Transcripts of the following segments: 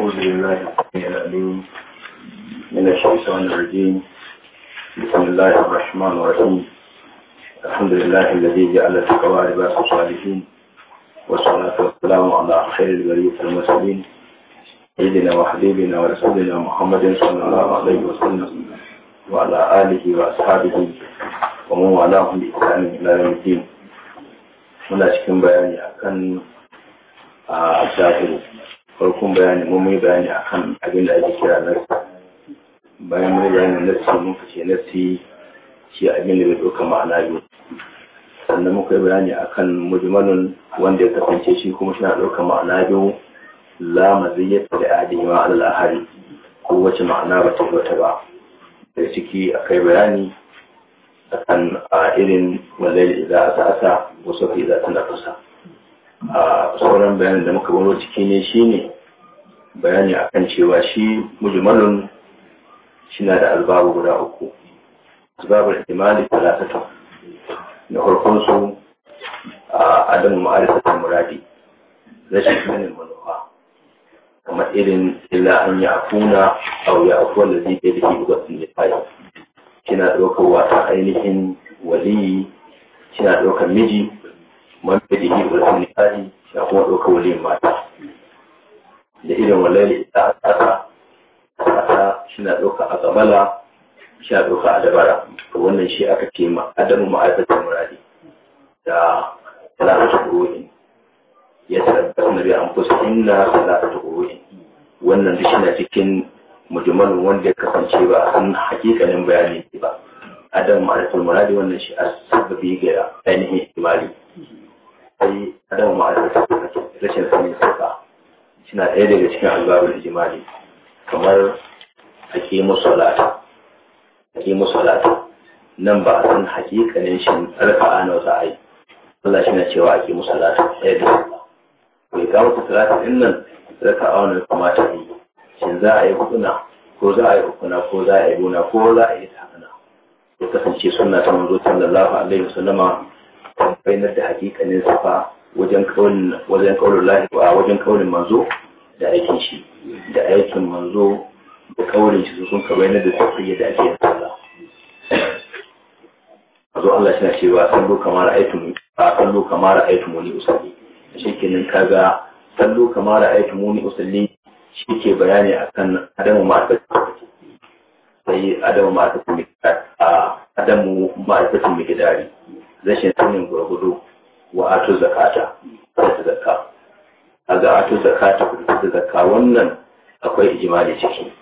أعوذ بالله الأمين من الشيطان الرجيم بسم الله الرحمن الرحيم الحمد لله الذي جعل تقوى لباس الصالحين والصلاة والسلام على خير البرية المرسلين سيدنا وحبيبنا ورسولنا محمد صلى الله عليه وسلم وعلى آله وأصحابه ومن والاهم بإسلام إلى يوم الدين muna cikin bayani akan a shafin farkon bayani mun mai bayani akan abin da ake kira nasi bayan mai bayani nasi mun kace nasi shi abin da bai ɗauka ma'ana biyu sannan muka yi bayani akan mujmalun wanda ya kasance shi kuma suna na ɗauka ma'ana biyu la maziyyata da adin ma alal ahari ko wace ma'ana ba ta wata ba da ciki akai bayani akan a irin wallahi idza asasa wasu na kusa. a sauran bayanin da muka gano ciki ne shine bayani akan cewa shi mujmalun shina da albabu guda uku asbabul imani talatatu na farkon su a adam ma'arifatul muradi rashin sanin manufa kamar irin illa an ya kuna a wuya afuwa da zai da shi ga sun fayi kina ɗaukar wata ainihin waliyi kina ɗaukar miji man da yi ga sun tsari ya kuma ɗaukar waliyin mata da irin wallahi da ƙasa ƙasa shi na ɗauka a gamala shi na ɗauka a dabara to wannan shi aka ce ma adamu ma'aikatar muradi da salatu kuru'in ya tabbatar da bi an fusinna salatu kuru'in wannan duk na cikin mujmalin wanda ya kasance ba a san hakikanin bayani ba adam ma'aikatar muradi wannan shi a sababi ga ainihin imali sai adam ma'aikata rashin sanin sauka suna ɗaya daga cikin albabul jimali kamar hakimu salata hakimu salata nan ba a san hakikanin shi alfa'a na wata ai Allah shi na cewa hakimu salata ɗaya da bai kawo ta salata ɗin nan raka a wani kamata yi shin za a yi hukuna ko za a yi hukuna ko za a yi gona ko za a yi ta hana ya kasance suna ta manzo sallallahu alaihi wasallama bayyana da hakikanin fa wajen kaulin wajen kaulin lahi wajen kaulin manzo da aikin shi da aikin manzo da kaulin shi sun ka bayyana da tafsiri da ake Allah azo Allah shi cewa sallu kamar aitum sallu kamar aitumuni usalli shikenan kaga sallu kamar aitumuni usalli shi ke bayani akan adamu ma'arifatu sai adamu ma'arifatu a adamu ma'arifatu mikidari rashin sanin gurgudu wa atu zakata da zakka a ga atu zakata da zakka wannan akwai ijimali ciki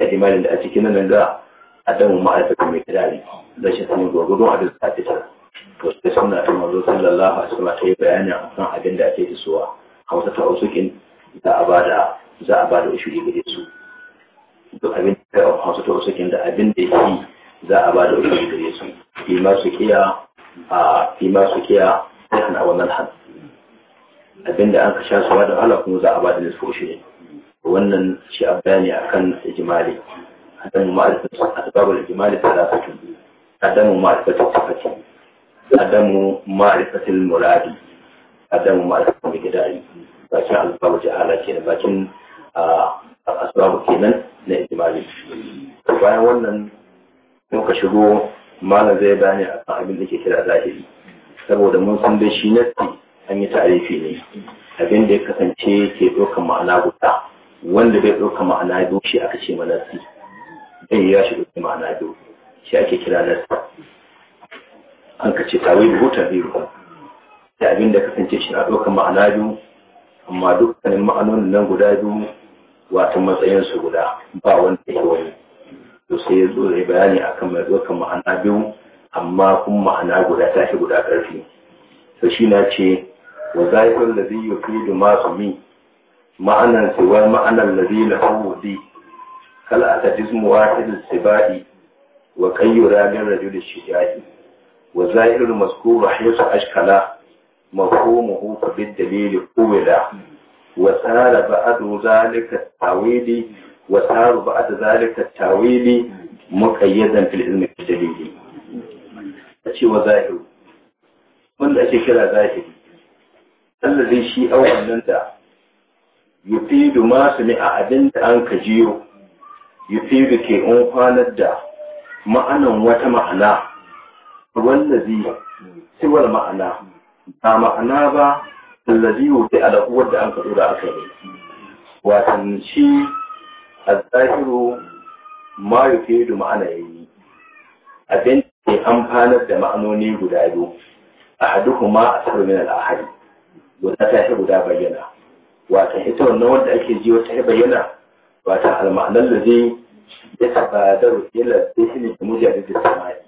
ijimalin da a cikin nan ga adamu ma ma'aikata mai kirari rashin sanin gurgudu a duk ta to sai sunna ta manzo sallallahu alaihi wasallam ta yi bayani akan abin da ake suwa a wata tausukin za a bada za a bada ushuri ga su to abin da a wasu tausukin da abin da yake za a bada ushuri ga su bi ma su kiya fima su kiya kan a wannan hannu abinda an ka sha su da Allah kuma za a ba da nisfo shi ne wannan shi a bayani a kan ijimali adamu a asbabul ijimali salasatu adamu ma'arifatu sifati adamu ma'arifatul muradi adamu ma'arifatul bidai bakin albabu jahala kenan bakin asbabu kenan na ijimali bayan wannan muka shigo malam zai bayani akan abin da ke da zahiri saboda mun san da shi nasi an yi ta'arifi ne abin da ya kasance ke ɗaukar ma'ana guda wanda bai ɗaukar ma'ana biyu shi aka ce ma nasi bai ya shi ɗaukar ma'ana biyu shi ake kira nasi an ka ce tawai biyu ta biyu da abin da kasance shi na ɗaukar ma'ana biyu amma dukkanin ma'anonin nan guda biyu wato matsayinsu guda ba wanda ya wani to sai ya zo da bayani akan mai ɗaukar ma'ana biyu amma kun ma'ana guda tashi guda ƙarfi Ta shi na ce wa zaifin da zai yi fi da masu mi ma'anan siwa ma'anan da zai na hawudi kal a ta wahidin sibai wa kayyura min rajul shijai wa zaifin maskuru haisu ashkala mafhumuhu fa bid ko qawla wa sara ba'adu zalika tawili wa sara ba'du zalika tawili muqayyadan fil ilmi a cewa zahiru wanda ake kira zahiri allazi shi awon nan da yufidu ma su a abin da an ka jiyo yufidu ke kwanar da ma'anan wata ma'ana wallazi siwar ma'ana ba ma'ana ba allazi wuce alahu da an ka da aka yi watan shi a zahiru ma yufidu ma'ana yayi abin amfanar da ma'anoni guda biyu a haduhuma a sarumin al'ahari guda ta shi guda bayyana wata ita wannan wanda ake ji wata ya bayyana wata alma'anar da zai ya tabadar ila zihini da mujadin da samari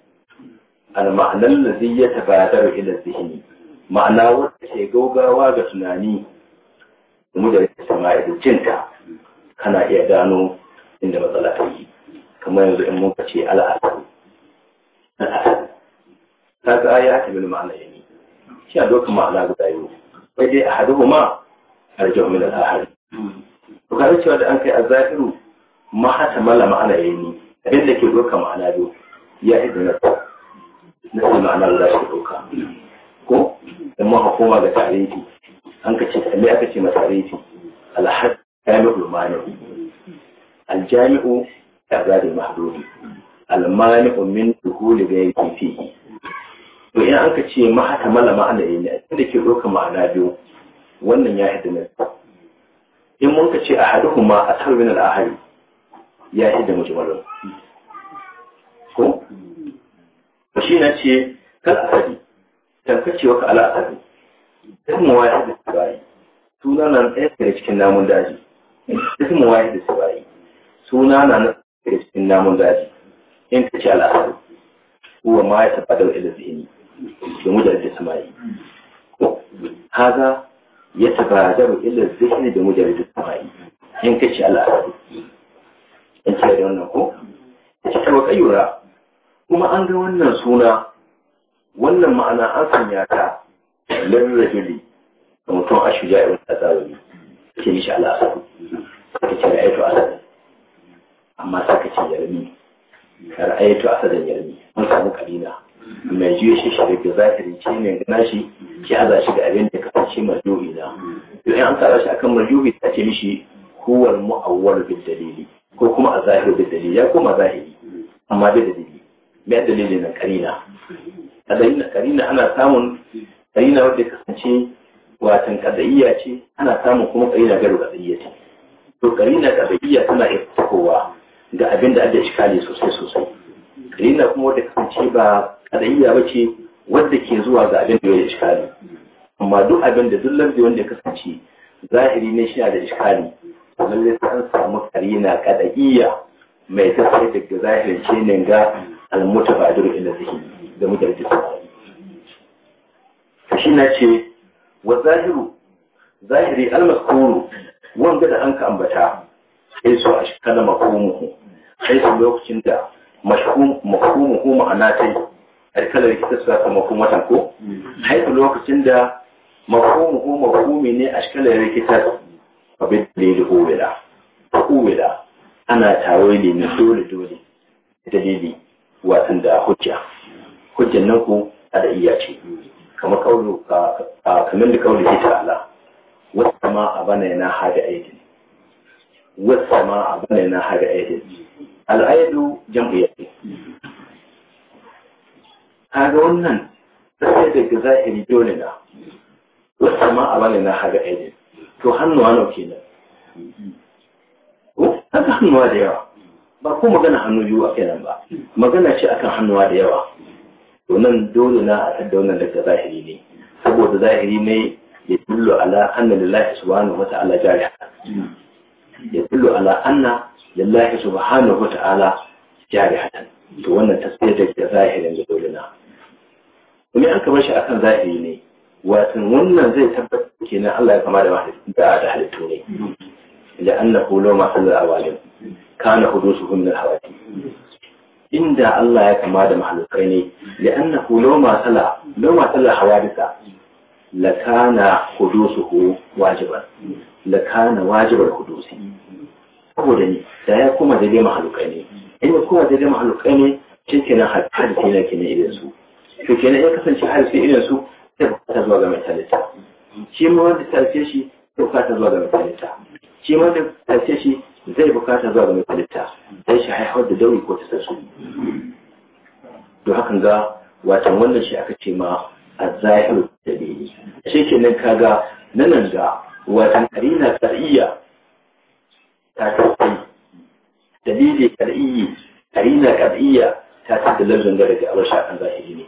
alma'anar da zai ya tabadar ila zihini ma'ana wanda ke gaugawa ga tunani da mujadin da samari da jinta kana iya gano inda matsala ta yi kamar yanzu in muka ce al'asar ta ga ya ta min ma'ana ya yani shi a dokan ma'ana guda yau sai dai a haduhu ma arjau min al-ahad to kada cewa da an kai a azahiru ma hata mala ma'ana yani abin da ke dokan ma'ana biyu ya yi na na sai ma'ana guda shi doka ko dan ma hukuma ga tarihi an ka ce me aka ce masa tarihi al-ahad jami'ul mani al-jami'u ta'zari mahdudi al-mani'u min duhuli ga yake fihi to in an ka ce ma haka mala ma'ana ne inda ke ɗaukar ma'ana biyu wannan ya hidda mai in mun ka ce a haɗu ma a da ahari ya hidda mujmalin ko Ba shi na ce kan asali tankacewa ka ala asali ismu da sibai suna na ɗaya daga cikin namun daji ismu da sibai suna na daga cikin namun daji in ka ce al'adu huwa ma ya da ila zihni da mujallar samari haza ya tabbatar illar zikiri da mujallar samari in kace al'adu in ce da wannan ko ta ce kawai kayyura kuma an ga wannan suna wannan ma'ana an san ya ta lalura gili da mutum a shuja a wata tsarari ke mishi al'adu ta ce ra'ayatu asadin amma sa ka ce yarmi ra'ayatu asadin yarmi an samu kalina mai juya shi shi da zahiri shi ne gana shi shi aza shi ga abin da kasance marjuhi na to in an tsara shi akan marjuhi ta ce mishi kowar mu'awwal bin dalili ko kuma a zahiri bin dalili ya koma zahiri amma da dalili me dalili na karina a dalilin karina ana samun karina wadda kasance watan kadaiya ce ana samun kuma karina garo kadaiya ce to karina kadaiya tana iya fitowa ga abin da ake shikali sosai sosai karina kuma wadda kasance ba kadaiya ba ce wadda ke zuwa ga abin da ya iskali amma duk abin da duk lambi wanda ya kasance zahiri ne shi da iskali lalle sai an samu karina kadaiya mai tafiye daga zahirin ce ne ga almutabadir ila zihi da mujarrad sahih shi na ce wa zahiru zahiri almaskuru wanda da an ka ambata sai su a shi kana makomu sai su lokacin da ko ma'ana yi alkalar kita su ta mafhumatan ko mm. haifu lokacin da mafhumuhu mafhumi ne a shkalar rikita abin da ya huwila huwila ana tawo ne dole dole dalili watan da hujja hujjan nan ku da iya ce kamar a kamar da da ke ta'ala wata ma a bana yana hada aidin wata ma a bana yana hada aidin al'aidu jam'iyyar kaga wannan sai daga zahiri dole na wasu ma a bane na haga ainihin to hannuwa nau kenan haka hannuwa da yawa ba ko magana hannu biyu a kenan ba magana ce akan hannuwa da yawa to nan dole na a tadda wannan daga zahiri ne saboda zahiri ne ya dullo ala anna lillahi subhanahu wa ta'ala jariha ya dullo ala anna lillahi subhanahu wa ta'ala jarihatan to wannan tasbiyar da zahirin da dole na ne an kamar shi akan zahiri ne watan wannan zai tabbatar kenan Allah ya kama da da halittu ne da annahu law ma sallal awalim kana hudusuhun min hawati inda Allah ya kama da mahalukai ne da annahu law ma sala law ma sallal hawadisa la kana hudusuhu wajiban la kana wajibar hudusi saboda ni da ya kuma da dai mahalukai ne in ya kuma dai mahalukai ne shi kenan hadisi kenan idan su to kenan ya kasance harafi irin su da bukata zuwa ga mai halitta shi ma wanda tarfe shi zai bukata zuwa ga mai halitta shi ma wanda tarfe shi zai bukata zuwa ga mai halitta dan shi haihawar da dauri ko ta sassu to hakan ga watan wannan shi aka ce ma a zahiru da dalili shi kenan kaga nan ga watan karina sar'iyya ta kai dalili kar'iyyi karina kar'iyya ta ci da lardin da daga abasha kan zahiri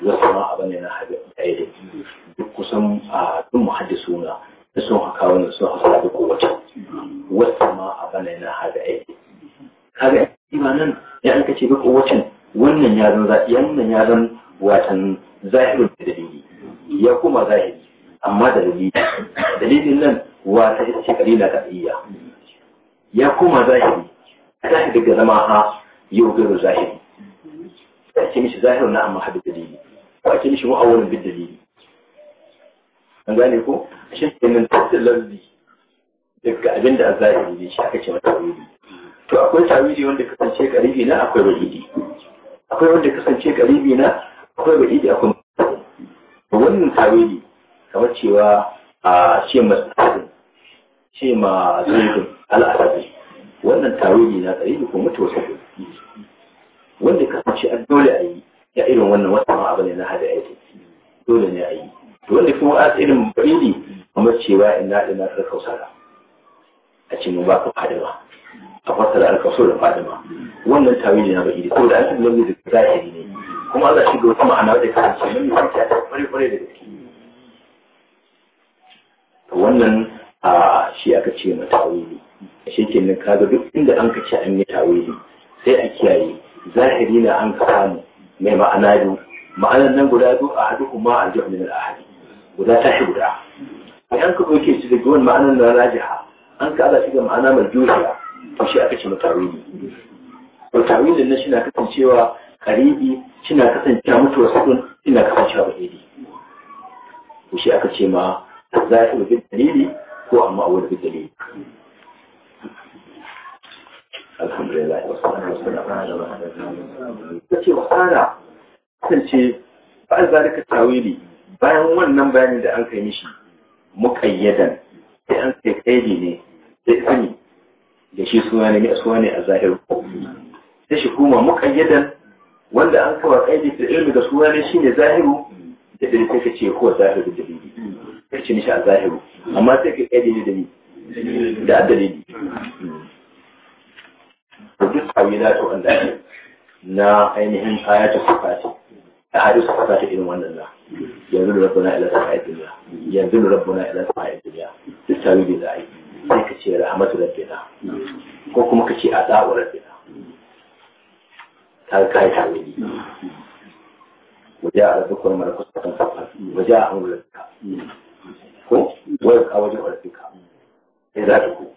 ne wasu ma abin da na yi da ya duk kusan a duk muhaddisu na da sun haka wani sun hasa da kowace wasu ma abin da na haɗe aiki kaga imanin ya an kace duk kowacin wannan ya zan wannan ya zan watan zahirin da dalili ya kuma zahiri amma dalili dalilin nan wata ita ce kalila ta iya ya kuma zahiri ta daga zama ha yau gano zahiri sai a ce mishi zahirun na amma hadu dalili ko a ce mishi mu'awwalun bid dalili an gane ko shi kenan tafsir lafzi daga abin da zahiri ne shi aka ce mata tawili to akwai tawili wanda kasance karibi na akwai wa'idi akwai wanda kasance karibi na akwai wa'idi akwai wannan tawili kamar cewa a ce masu ce ma zurgin al'adabi wannan tawili na tsari ko mutuwa sabbin wanda ka ce an dole a yi ya irin wannan wata ma abu ne na hada ya aiki dole ne a yi To wanda kuma a irin barili kamar cewa ina da na ta kausara a ce mun ba ka fadima a fasara alkaso da fadima wannan tawili na barili ko da an lalle da zahiri ne kuma Allah shi da wata ma'ana da ka ce mun yi ta kware kware da gaske wannan a shi aka ce ma tawili shi kenan kaga duk inda an ka ce an yi tawili sai a kiyaye zahiri na an samu mai ma'ana biyu ma'anar nan guda biyu a haɗu kuma a jihu min al'ahadi guda ta shi guda a yan ka ɗauke shi da giwan ma'anar na rajiha an ka ala shi ga ma'ana mai juriya to shi aka ce matawili matawilin nan shi na kasancewa karibi shi na kasancewa mutuwar sukun shi na kasancewa ba daidai to shi aka ce ma zahiru bin dalili ko amma a wani bin dalili الحمد لله والصلاة والسلام على رسول وقال kasance ba al-zarika tawili bayan wannan bayanin da an kai mishi muƙayyadan sai an kai kaidi ne sai sani da shi suna ne suna ne a zahiru sai shi kuma muƙayyadan wanda an kawa kaidi da ilmi da suna ne shine zahiru da dalili sai ka ce ko zahiru da dalili sai ce mishi a zahiru amma sai ka kaidi ne da ni da dalili da duk tawilatu wallahi na ainihin kaya ta ayatu sifati da hadis sifati irin wannan na yanzu rabbuna ila sama'i dunya yanzu rabbuna ila sama'i dunya duk tawili da ai sai ka ce rahmatu rabbina ko kuma ka ce a azabu rabbina ta kai tawili وجاء ربك والملك صفا صفا وجاء امر ربك ko wai a wajen rabbika sai za ta ku